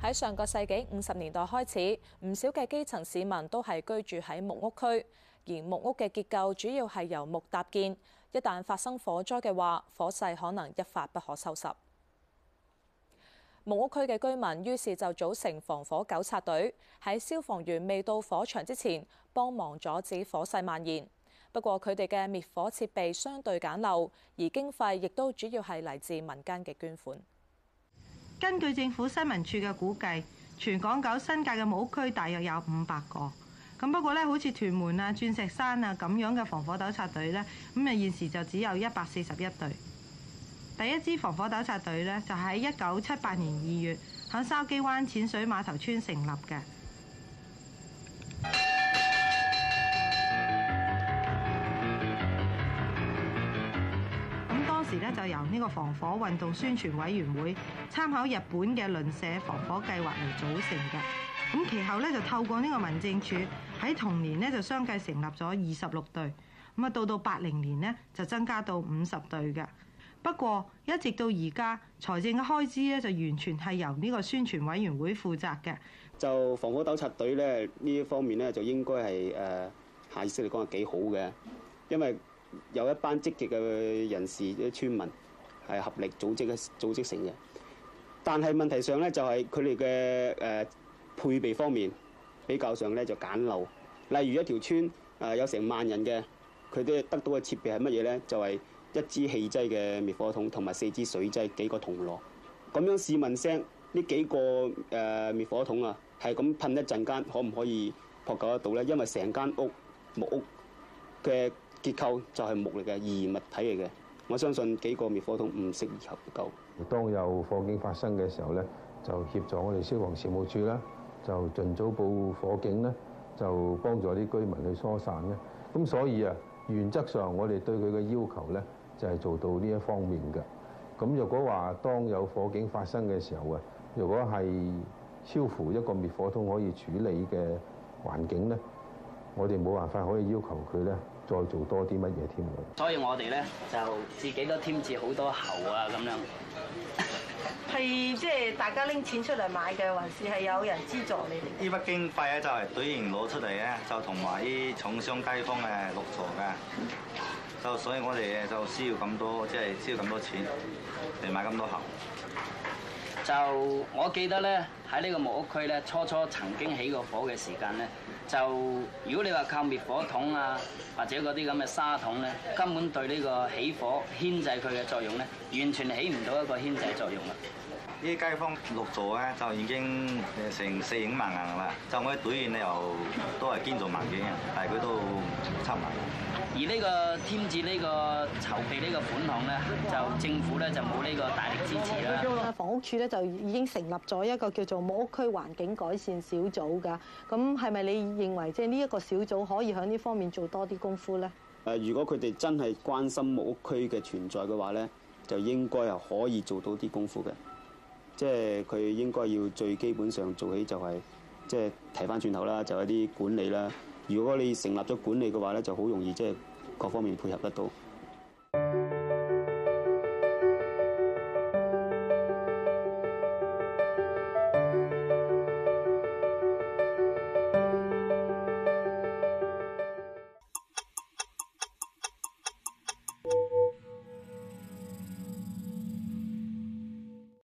喺上個世紀五十年代開始，唔少嘅基層市民都係居住喺木屋區，而木屋嘅結構主要係由木搭建，一旦發生火災嘅話，火勢可能一發不可收拾。木屋區嘅居民於是就組成防火糾察隊，喺消防員未到火場之前，幫忙阻止火勢蔓延。不過佢哋嘅滅火設備相對簡陋，而經費亦都主要係嚟自民間嘅捐款。根據政府新聞處嘅估計，全港九新界嘅冇區大約有五百個。咁不過咧，好似屯門啊、鑽石山啊咁樣嘅防火糾察隊咧，咁啊現時就只有一百四十一隊。第一支防火糾察隊咧，就喺一九七八年二月喺筲箕灣淺水碼頭村成立嘅。時咧就由呢個防火運動宣傳委員會參考日本嘅鄰舍防火計劃嚟組成嘅。咁其後咧就透過呢個民政處喺同年咧就相繼成立咗二十六隊。咁啊到到八零年呢，就增加到五十隊嘅。不過一直到而家財政嘅開支咧就完全係由呢個宣傳委員會負責嘅。就防火糾察隊咧，呢一方面咧就應該係誒下意識嚟講係幾好嘅，因為有一班積極嘅人士，啲村民係合力組織嘅組織成嘅。但係問題上咧，就係佢哋嘅誒配備方面比較上咧就簡陋。例如一條村啊、呃，有成萬人嘅，佢哋得到嘅設備係乜嘢咧？就係、是、一支氣劑嘅滅火筒，同埋四支水劑，幾個銅鑼。咁樣試問聲呢幾個誒、呃、滅火筒啊，係咁噴一陣間，可唔可以撲救得到咧？因為成間屋木屋嘅。結構就係目力嘅異物體嚟嘅，我相信幾個滅火筒唔適合夠。當有火警發生嘅時候咧，就協助我哋消防事務處啦，就盡早報火警咧，就幫助啲居民去疏散咧。咁所以啊，原則上我哋對佢嘅要求咧，就係做到呢一方面嘅。咁如果話當有火警發生嘅時候啊，如果係超乎一個滅火筒可以處理嘅環境咧，我哋冇辦法可以要求佢咧。再做多啲乜嘢添？所以我哋咧就自己都添置好多喉啊咁樣，係即係大家拎錢出嚟買嘅，還是係有人資助你哋？呢筆經費咧就係隊員攞出嚟嘅，就同埋啲重傷街坊嘅樂助嘅，就所以我哋就需要咁多，即係需要咁多錢嚟買咁多喉。就我記得咧，喺呢個木屋區咧，初初曾經起過火嘅時間咧。就如果你話靠滅火筒啊，或者嗰啲咁嘅沙筒咧，根本對呢個起火牽制佢嘅作用咧，完全起唔到一個牽制作用啦。啲街坊六座咧，就已經成四五萬銀啦。就我一隊員咧，又都係堅做萬幾，但係佢都差唔埋。而呢個添置呢個籌備呢個款項咧，就政府咧就冇呢個大力支持啦。房屋處咧就已經成立咗一個叫做木屋區環境改善小組㗎。咁係咪你認為即係呢一個小組可以喺呢方面做多啲功夫咧？誒，如果佢哋真係關心木屋區嘅存在嘅話咧，就應該係可以做到啲功夫嘅。即係佢應該要最基本上做起就係，即係提翻轉頭啦，就係就係，一啲管理啦。如果你成立咗管理嘅話咧，就好容易即係各方面配合得到。